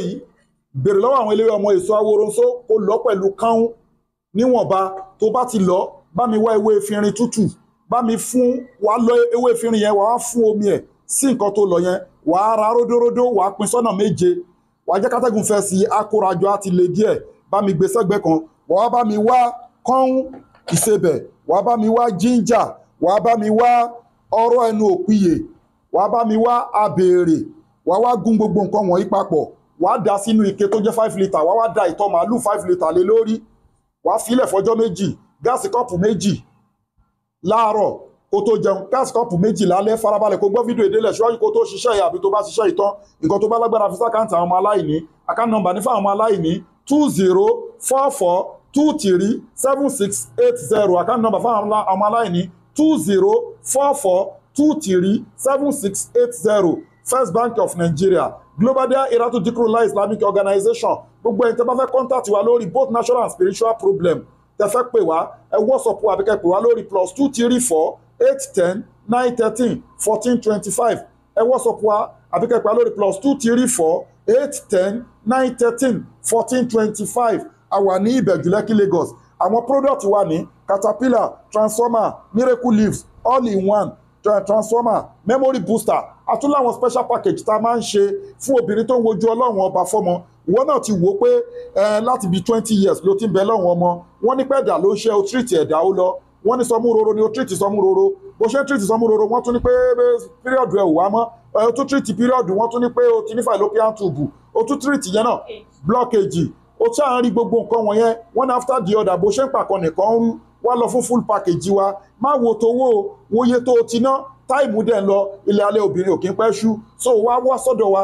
yìí bèrè lọ́wọ́ àwọn eléwé ọmọ èso aworonso kó lọ pẹ̀lú kánú níwọ̀nba tó bá ti lọ bá mi wá ewé efinrin tútù bá mi fún wa lọ ewé efinrin yẹn wàá fún omi ẹ̀ sí nǹkan tó lọ yẹn wàá ra ródóródó wàá pín sọ́nà méje wàá jẹ́ kátẹ́gùn fẹ́ sí akórajọ àti lè díẹ̀ bá mi gbé sẹ́gbẹ́ kan wàá bá mi wá kọ́ún ìsebẹ̀ wàá bá mi wá jíńjà wàá bá mi wá ọ̀rọ̀ ẹnu òpìyè wàá bá mi wá abèrè wàá wá gún gbogbo nǹkan wọ̀nyí papọ̀ wàá dà sínú ike tó jẹ́ five litre wàá wá da ìtọ̀ màálù five litre lé lórí wàá filẹ̀ fọjọ́ méjì gáàsì kọ́ọ̀pù méjì láàárọ̀ kó tó jẹun gáàsì kọ́ọ̀pù méjì lálẹ́ farabalẹ̀ kó gbọ́ fídíò ìdílẹ̀ síwájú kó tó ṣiṣẹ́ yìí àbí tó bá ṣiṣẹ́ ìtàn nǹkan tó bá lágbára fi sákàǹtì àwọn ọmọ aláìní àkáǹtì nọ́mbà ní fáwọn ọmọ aláìní two zero four four two three seven six eight zero àkáǹtì nọ́mbà fáwọn ọmọ aláìní two zero four four two three seven six eight zero First Bank of Nigeria global dahiratu dhikrlahi islamic organization gbogbo ẹni tẹ́ bá fẹ́ contact wa lórí both national and spiritual problem tẹ́ fẹ́ pè wá ẹ wọ́sọ̀pù àbíkẹ́ pè wá lórí plus two three four eight ten nine thirteen fourteen twenty five ẹ wọ́sọ̀pù àbíkẹ́ pè wá lórí plus two three four eight ten nine thirteen fourteen twenty five a wà ní ìbẹ̀jú lẹ́kí lagos àwọn product wa ní caterpillar transformer miracle leaves all in one transformer memory booster a tún special package tá a máa ń ṣe fún obìnrin tó ń wojú ọlọ́run ọba fọ́mọ ìwọ náà ti wò ó pé láti bí twenty years ló ti ń bẹ lọ́run ọmọ wọ́n ní pẹ́ẹ́dà ló ṣe o treat ẹ̀dá ó lọ wọ́n ní sọmúroro ni o treat sọmúroro bó ṣe ń treat sọmúroro wọ́n tún ní pé period ẹ̀ ò wá mọ́ o tún treat period wọ́n tún ní pé o ti ní fallopian tube o tún treat yẹn náà blockage o ṣáà ń rí gbogbo nǹkan wọ̀nyẹn one after the other bó ṣe ń pàkan nìkan wá lọ fún full package wa má wo towó wo iye tó o ti ná táìmù dẹ̀ ń lọ ilé alẹ́ obìnrin ò kí ń pẹ́ ṣú so wá wá sọ́dọ̀ wa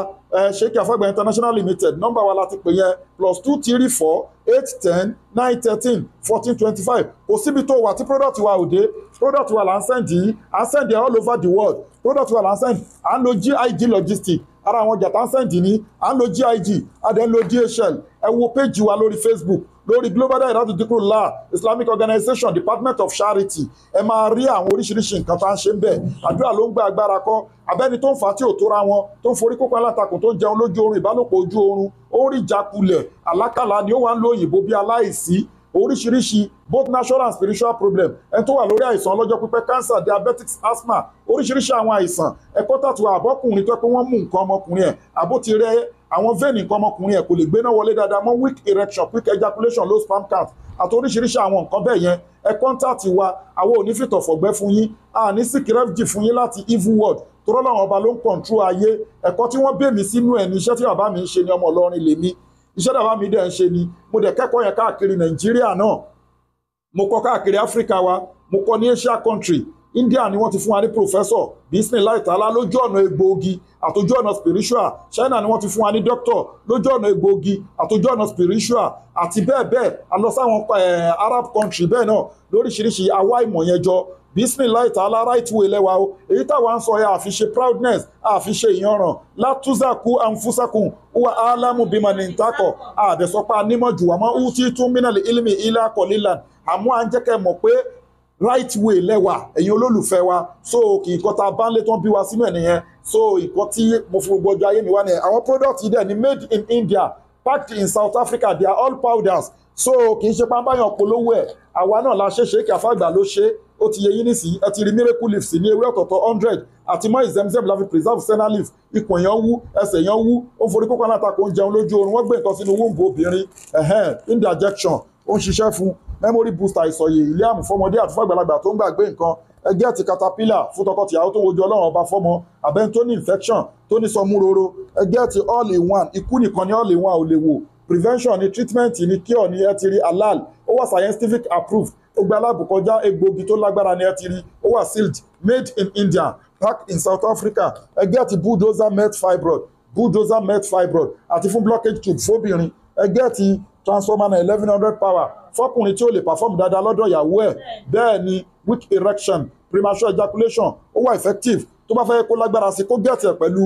ṣéèkì afẹ́gbẹ́ international limited nọ́mbà wa láti pè yẹn plus two three four eight ten nine thirteen fourteen twenty five kò síbi tó wà tí product wa ò dé product wa là ń send yìí à ń send all over the world product wa là ń send à ń lo gig logistic ara àwọn jàtà ń send ní à ń lo gig adẹ́ ń lo DHL ẹ wo péjì wa lórí Facebook lórí Global Dahiratu Dhikrlahi Islamic Organization Department of Charity ẹ máa rí àwọn oríṣiríṣi nǹkan tá à ń ṣe ń bẹ̀ àdúrà ló ń gba agbára kọ́ abẹ́ni tó ń fa tí ò tóra wọn tó ń forí kópa alátakùn tó ń jẹun lójú oorun ìbálòpọ̀ ojú oorun ó ń rí ni ó wà ń lo òyìnbó bí aláìsí oríṣiríṣi both natural and spiritual problem ẹ tó wà lórí àìsàn ọlọ́jọ́ pípẹ́ cancer diabetics asthma oríṣiríṣi àwọn àìsàn ẹ̀kọ́ tàtúwà àbọ́kùnrin tó pé wọ́n mú nǹkan ọmọkùnrin ẹ̀ àbó àwọn vein nǹkan ọmọkùnrin ẹ̀ kò lè gbéná wọlé dáadáa mọ́ weak erection quick ejaculation low sperm count àti oríṣiríṣi àwọn nǹkan bẹ́ẹ̀ yẹn ẹ kọ́ńtàtì wa àwọn onífìtọ̀fọ̀gbẹ́ fún yín a ní sick refuge fún yín láti evil world tọ́rọ́ làwọn ọba ló ń kọ̀ǹtró ayé ẹ̀kọ́ tí wọ́n bèèmí sínú ẹ̀ ní iṣẹ́ tí bàbá mi ń ṣe ni ọmọ Ìlọrin lèmi iṣẹ́ tí bàbá mi dẹ̀ ń ṣe ni mo dẹ̀ kẹ́kọ̀ọ́ yẹn káàkiri Nàìjíríà náà mo kọ́ káàkiri Áfíríkà wa mo kọ́ ní Asia country India ni wọ́n ti fún wa ní professor bisimilayi taala lójú ọ̀nà egbòogi àtòjú ọ̀nà spiritual China ni wọ́n ti fún wa ní doctor lójú ọ̀nà egbòogi àtòjú ọ̀nà spiritual àti bẹ́ẹ̀ bẹ́ẹ̀ a lọ sáwọn eh, Arab country bẹ́ẹ̀ náà lóríṣiríṣi àwa ìmọ̀ yẹn jọ bisimilayi taala right way lẹ́wà o èyí táwa ń sọ yẹn àfi ṣe proudness àfi ṣe ìyanràn látúzàkú ànfúsàkùn wà álámù bímọ ní ntakọ àdẹsọpá nímọ jùwàmọ uti tún mínàlì ilmi ilá kọlílan àmú à ń jẹ́kẹ́ mọ̀ pé right way lẹ́wà ẹ̀yin olólùfẹ́ wa so kì í kọ́ta bánlé tó ń bí wa sínú ẹ̀ nìyẹn so nǹkan tí mo fi gbogbo ọjọ́ ayé mi wá nìyẹn àwọn product yìí dẹ̀ ni made in India packed in South Africa they are all powders so kì í ṣe pàmbáyàn polówó ẹ̀ àwa náà la ṣe ṣe kí afágbà ló ṣe ó ti yẹ yín nísìnyí ẹ ti rí miracle leaf sí ní ewé ọ̀tọ̀ọ̀tọ̀ hundred àti mọ́ ìzẹ́mzẹ́m la fi preserve senna leaf ikùn èèyàn wú ẹsẹ̀ èèyàn wú ó forí kókó alátakò ń jẹun lójú oorun wọ́n gbé nǹkan sínú wombo obìnrin ẹ̀hẹ́n indigestion ó ń ṣiṣẹ́ fún memory booster ìsọ̀yè ilé àmù fọmọdé àti fàgbàlagbà tó ń gbàgbé nǹkan ẹgbẹ́ àti caterpillar fún tọkọtìyàwó tó wojú ọlọ́run ọba fọmọ abẹ́ni infection tó ní sọmúroro ẹgbẹ́ àti all in one ikú nìkan ni all in one ò lè wò prevention ni treatment ni cure ni ẹ ti rí halal ó wà scientific approved ó gba aláàbò kọjá egbògi tó lágbára ni ẹ ti rí ó wà sealed made in India packed in South Africa ẹgbẹ́ àti bulldozer met fibroid bulldozer met fibroid àti fún blockage tube fóbìnrin ẹgbẹ́ àti transformer náà eleven hundred power fọkùnrin tí ó lè perform dáadáa lọ́dọ̀ ìyàwó ẹ̀ bẹ́ẹ̀ ni weak erection premature ejaculation ó wà effective tó bá fẹ́ kó lágbára sí kó gẹ̀tẹ̀ pẹ̀lú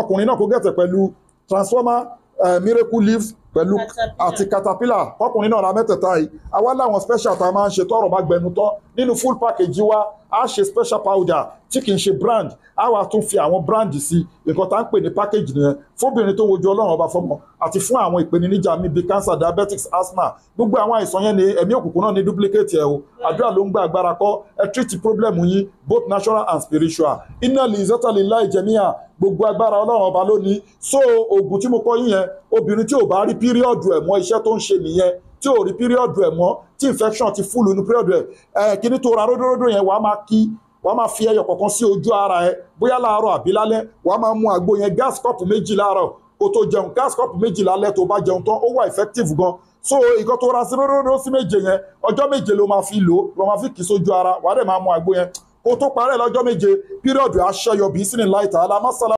ọkùnrin náà kó gẹ̀tẹ̀ pẹ̀lú transformer uh, miracle leaves pẹ̀lú àti caterpillar ọkùnrin náà ra mẹ́tẹ̀ẹ̀ta yìí àwa láwọn special tá a máa ń ṣe tọrọ bá gbẹnu tán nínú full package wa a ṣe special powder tí kì í ṣe brand a wà tún fi àwọn brand sí nǹkan tá à pè ní package nìyẹn fóbìnrin tó wojú ọlọ́run ọba fọmọ àti fún àwọn ìpèníjà mi bíi cancer diabetes, asthma gbogbo àwọn àìsàn yẹn ni ẹ̀mí òkùnkùn náà ní duplicate ẹ̀ o àdúrà ló ń gba agbára kọ́ ẹ treat problem yín both natural and spiritual iná lè zọ́tàlì láì jẹ́míà gbogbo agbára ọlọ́run ọba lónìí so oògùn tí mo kọ́ yín yẹn obìnrin tí ò bá rí píríọ̀dù ẹ̀ iṣẹ́ tó ń ṣe nìyẹn tí ò rí píríọ̀dù ẹ̀ mọ́ tí infection ti fúlù inú píríọ̀dù ẹ̀ ẹ̀ kíní tó ra ródóródó yẹn wàá máa kí wàá máa fi ẹyọ kọ̀ọ̀kan sí ojú ara ẹ bóyá láàárọ̀ àbí lálẹ́ wàá máa mu àgbo yẹn gas cup méjì láàárọ̀ kó tó jẹun gas cup méjì lálẹ́ tó bá jẹun tán ó wà effective gan so ìkan tó ra sí ródóródó sí méje yẹn ọjọ́ méje ló máa fi lò ó ló máa fi kì í sójú ara wàá dẹ̀ máa mu àgbo yẹn kó tó parẹ́ lọ́jọ́ méje píríọ̀dù